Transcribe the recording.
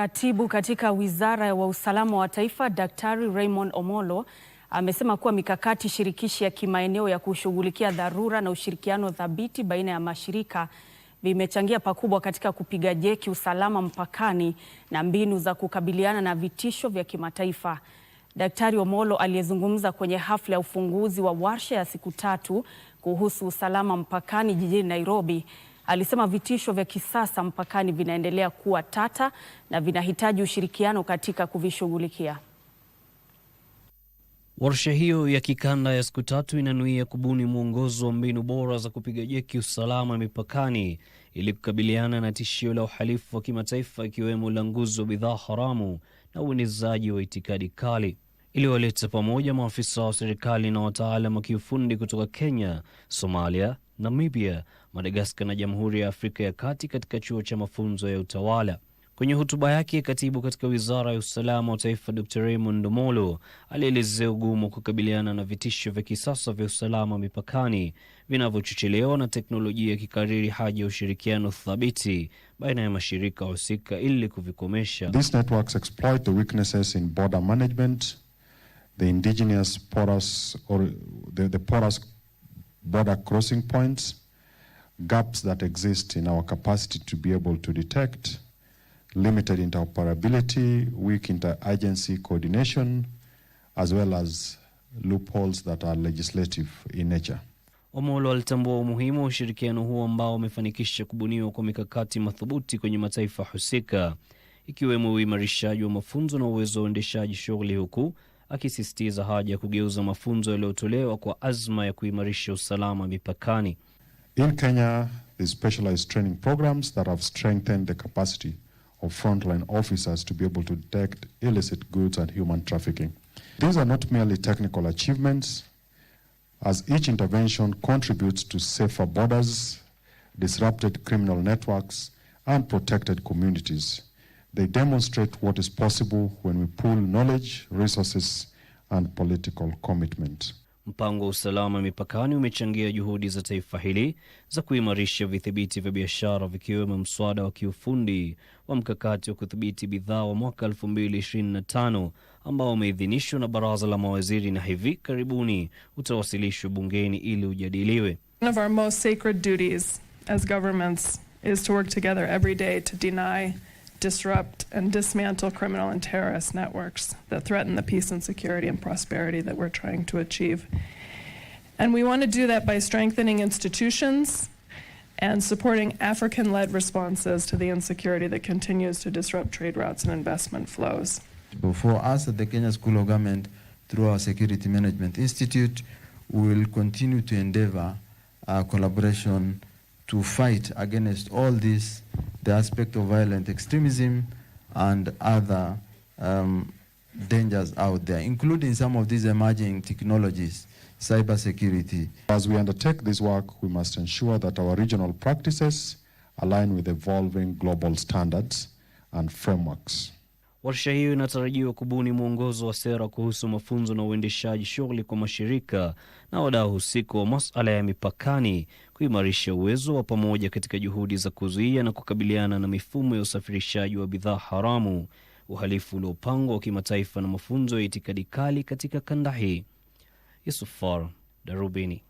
Katibu katika Wizara ya Usalama wa Taifa, Daktari Raymond Omollo amesema kuwa mikakati shirikishi ya kimaeneo ya kushughulikia dharura na ushirikiano thabiti baina ya mashirika vimechangia pakubwa katika kupiga jeki usalama mpakani na mbinu za kukabiliana na vitisho vya kimataifa. Daktari Omollo aliyezungumza kwenye hafla ya ufunguzi wa warsha ya siku tatu kuhusu usalama mpakani jijini Nairobi Alisema vitisho vya kisasa mpakani vinaendelea kuwa tata na vinahitaji ushirikiano katika kuvishughulikia. Warsha hiyo ya kikanda ya siku tatu inanuia kubuni mwongozo wa mbinu bora za kupiga jeki usalama mipakani ili kukabiliana na tishio la uhalifu wa kimataifa ikiwemo ulanguzi wa bidhaa haramu na uenezaji wa itikadi kali. Iliyowaleta pamoja maafisa wa serikali na wataalam wa kiufundi kutoka Kenya, Somalia, Namibia, Madagaskar na Jamhuri ya Afrika ya Kati katika chuo cha mafunzo ya utawala. Kwenye hotuba yake, katibu katika wizara ya usalama wa taifa Dr Raymond Omolo alielezea ugumu wa kukabiliana na vitisho vya kisasa vya usalama mipakani vinavyochochelewa na teknolojia, ya kikariri haja ya ushirikiano thabiti baina ya mashirika husika ili kuvikomesha. These networks exploit the weaknesses in border management, the indigenous porous or the, the porous border crossing points, gaps that exist in our capacity to be able to detect, limited interoperability, weak interagency coordination, as well as loopholes that are legislative in nature. Omolo alitambua umuhimu wa ushirikiano huo ambao umefanikisha kubuniwa kwa mikakati madhubuti kwenye mataifa husika ikiwemo uimarishaji wa mafunzo na uwezo wa uendeshaji shughuli huku akisisitiza haja ya kugeuza mafunzo yaliyotolewa kwa azma ya kuimarisha usalama mipakani. In Kenya, the specialized training programs that have strengthened the capacity of frontline officers to be able to detect illicit goods and human trafficking. These are not merely technical achievements, as each intervention contributes to safer borders, disrupted criminal networks and protected communities. They demonstrate what is possible when we pool knowledge, resources and political commitment. Mpango wa usalama mipakani umechangia juhudi za taifa hili za kuimarisha vidhibiti vya biashara vikiwemo mswada wa kiufundi wa mkakati wa kudhibiti bidhaa wa mwaka 2025 ambao umeidhinishwa na baraza la mawaziri na hivi karibuni utawasilishwa bungeni ili ujadiliwe. One of our most sacred duties as governments is to work together every day to deny disrupt, and dismantle criminal and terrorist networks that threaten the peace and security and prosperity that we're trying to achieve. And we want to do that by strengthening institutions and supporting African led responses to the insecurity that continues to disrupt trade routes and investment flows. For us at the Kenya School of Government, through our Security Management Institute, we will continue to endeavor our uh, collaboration to fight against all these the aspect of violent extremism and other um, dangers out there, including some of these emerging technologies, cybersecurity. As we undertake this work, we must ensure that our regional practices align with evolving global standards and frameworks. Warsha hiyo inatarajiwa kubuni mwongozo wa sera kuhusu mafunzo na uendeshaji shughuli kwa mashirika na wadau husika wa masuala ya mipakani, kuimarisha uwezo wa pamoja katika juhudi za kuzuia na kukabiliana na mifumo ya usafirishaji wa bidhaa haramu, uhalifu uliopangwa wa kimataifa na mafunzo ya itikadi kali katika kanda hii. Yusufar Darubini.